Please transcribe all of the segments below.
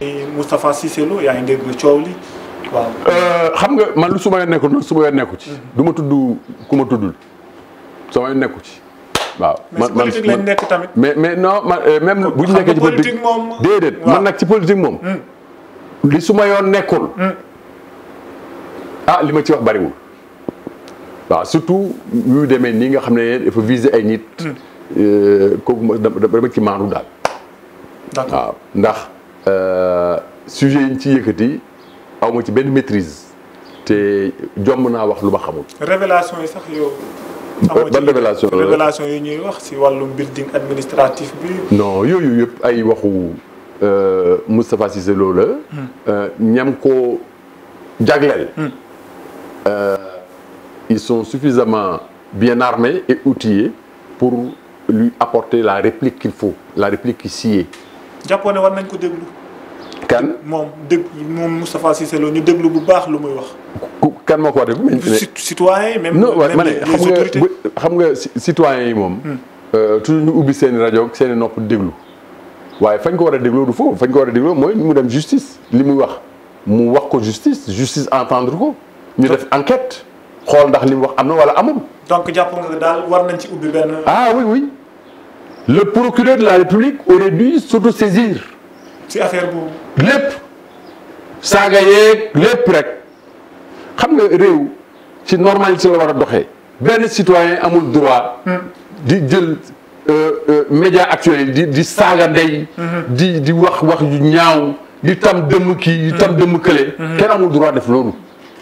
Moustapha Cissé Lo yaa ngi dégg coow li waaw. Euh, xam nga man lu su ma nekkul nag su ma nekku ci. Mhm. du ma tudd ku ma tuddul sama nekku ci. waaw man man politique lañ nekk tamit. mais mais non man euh, même bu ñu nekkee ci politique moom déedéet man nag ci politique moom. Hmm. li su ma yoon nekkul. Hmm. ah li ma ci wax bariwul. waaw surtout yu demee nii nga xam ne dafa viser ay nit. Hmm. Euh, kooku ma dama ci maandu daal. d'accord waaw ndax. Euh, sujet yi ñu ci yëkkati ma ci maîtrise te jomb naa wax lu ma révélation yi sax yow. révélation révélation yi ñuy wax si wàllum building administratif non yo yëpp ay waxu euh, Moustapha Cissé Lo la. Hmm. Euh, ñam ko hmm. ils sont suffisamment bien armés et outillés pour lui apporter la réplique qu'il faut la réplique qui sied. jàppoon ne war nañ ko déglu kan Mom, dëgg mom Moustapha Cissé ñu déglu bu baax lu muy wax. kan moo ko wax dëgg. citoyen même. non ma ne xam nga xam nga citoyen yi mom hmm. euh tu ñu ubbi seen radio rajo seen nopp déglu. waaye fañ ko wara a du foofu fañ ko wara a moy mooy mu dem justice li muy wax mu wax ko justice justice entendre ko ñu def enquête xol ndax li wax amna wala amul. donc japp nga dal war nañ ci ubbi ben ah oui oui le procureur de la république aurait dû s'auto saisir si affaire boobu. lépp saaga yeeg lépp rek xam nga réew ci normalité la war a doxee benn citoyen amul droit. di jël euh, euh, média actuel di di saaga ndey. di di wax wax yu ñaaw di tam dëmm kii di tam dëmm kële. kenn amul droit def loolu.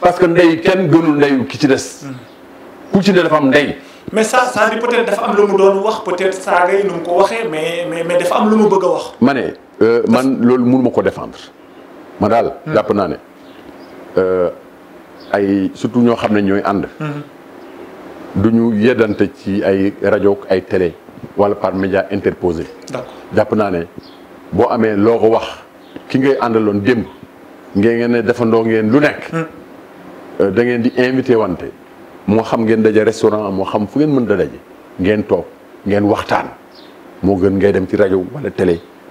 parce que ndey kenn gënul ndeyu ki ci des. ku ci ne dafa am ndey. mais ça saa di peut dafa am lu mu doon wax peut-être saaga yi nu ko waxee mais mais mais dafa am lu mu bëgg a wax. ma ne. Euh, man loolu mënuma ko défendre ma daal hmm. jàpp naa ne euh, ay surtout ñoo xam ne ñooy ànd hmm. du ñu yeddante ci ay rajo ay télé wala par média interposé jàpp naa ne boo amee loo ko wax ki ngay àndaloon démb ngeen ngeen defandoo ngeen lu nekk hmm. euh, da ngeen di invité wante moo xam ngeen daje restaurant moo xam fu ngeen mën da daje ngeen toog ngeen waxtaan moo gën ngay dem ci rajo wala télé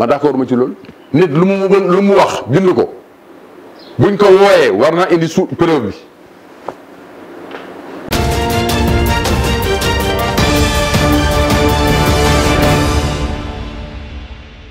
ma d'accord ma ci loolu nit lu mu lu mu wax bind ko buñ ko wooyee war naa indi su preuve bi